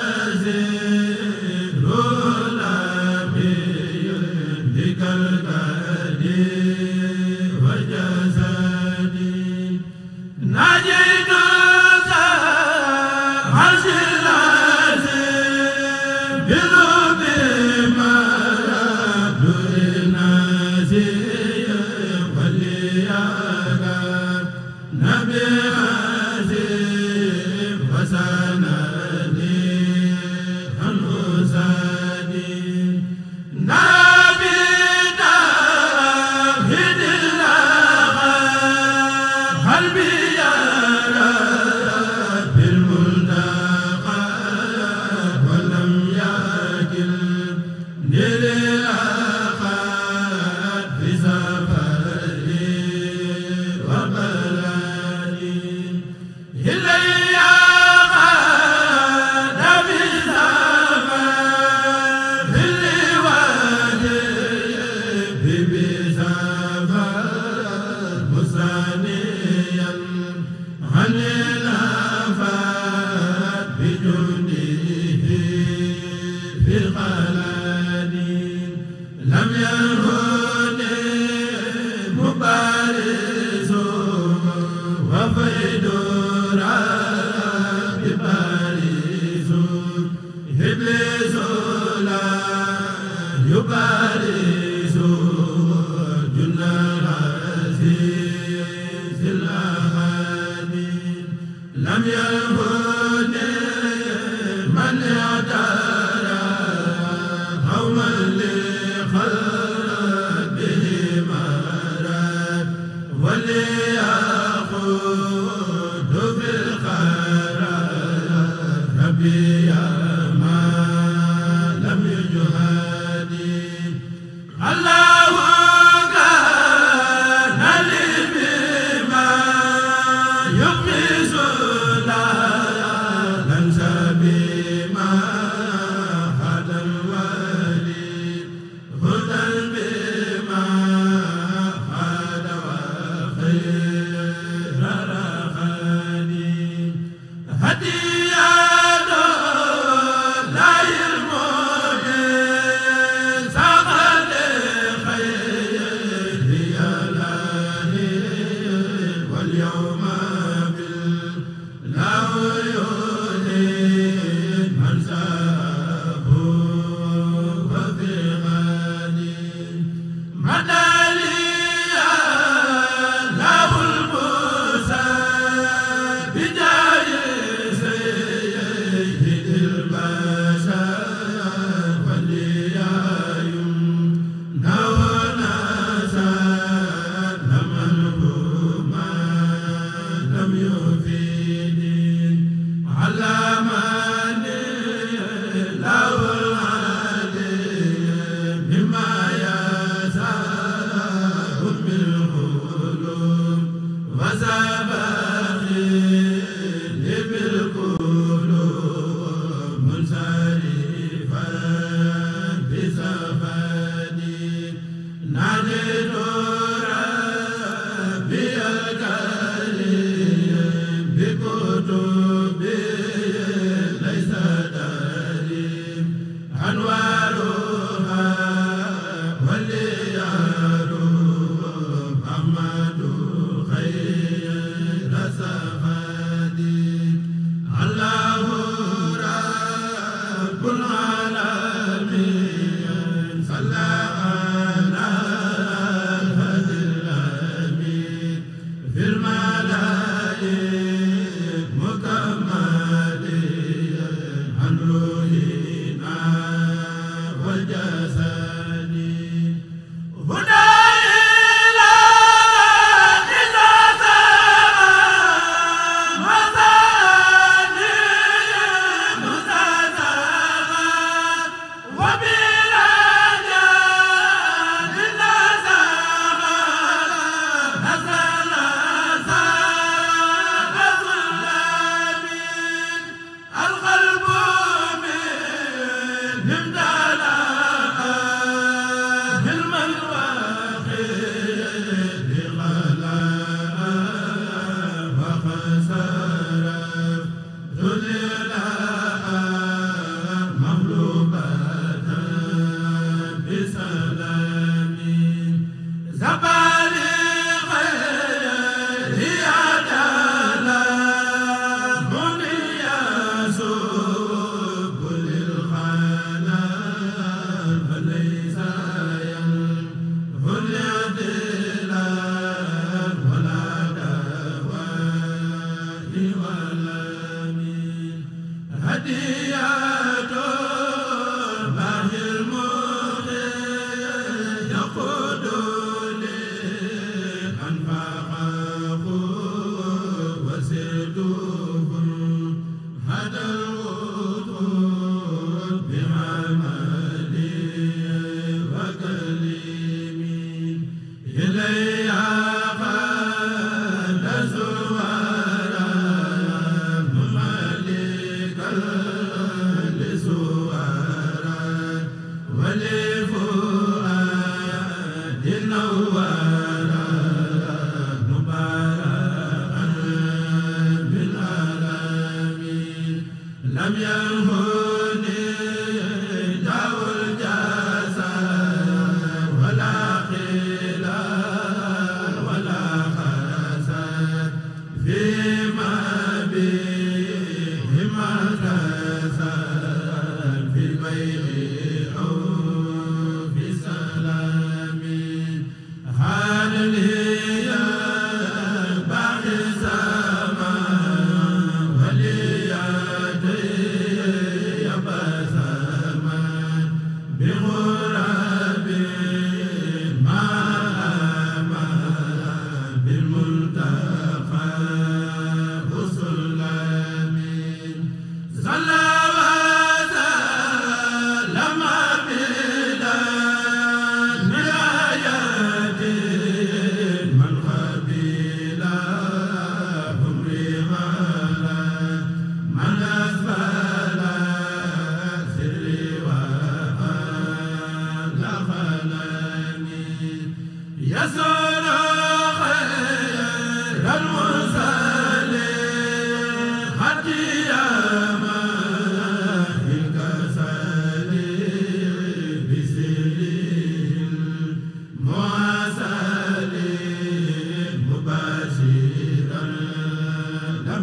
ذكر الكريم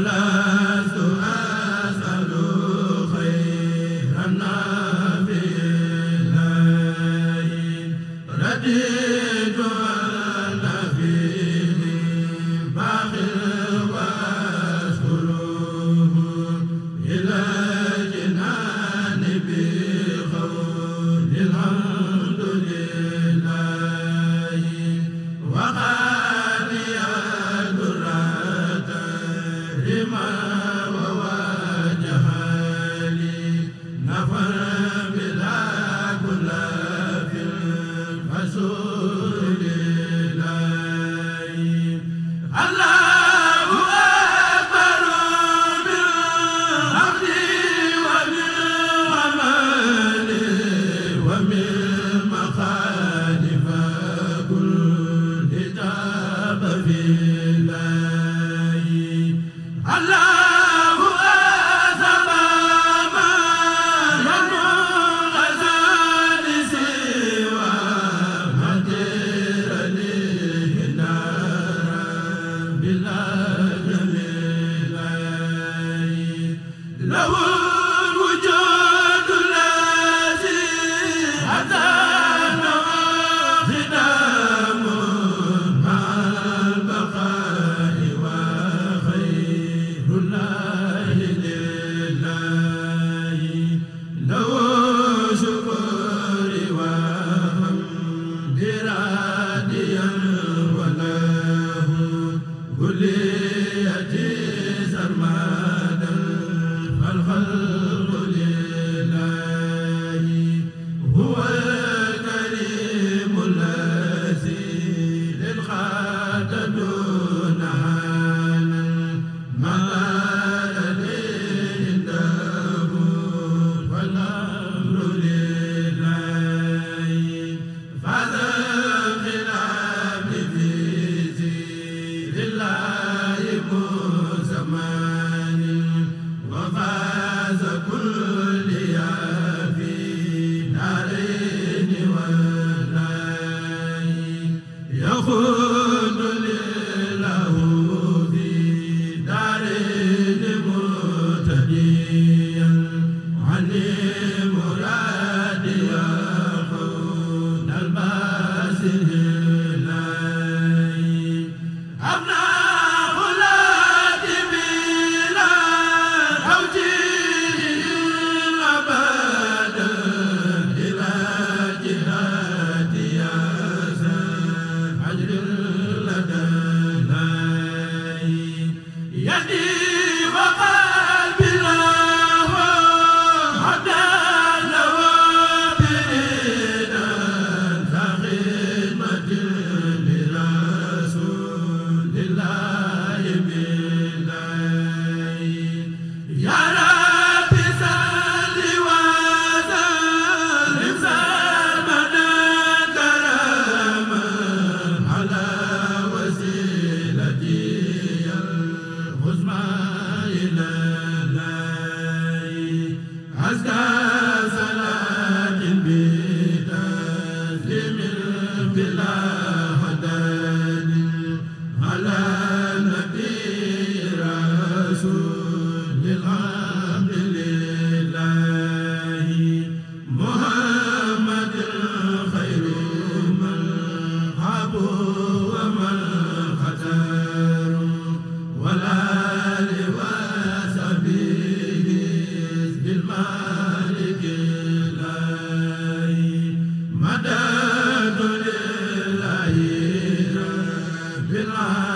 la Allah la